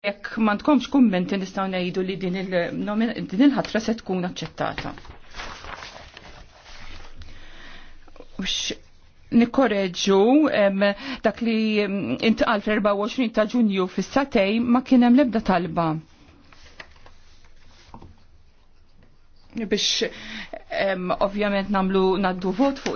Jekk ma tkomx kummenti nistgħu ngħidu li din il-ħatra se tkun aċċettata. Nikkoreġu dak li intqal fl-24 ta' Ġunju fis-satej ma kien hemm l-ebda talba. Biex ovvjament namlu naddu vot fuq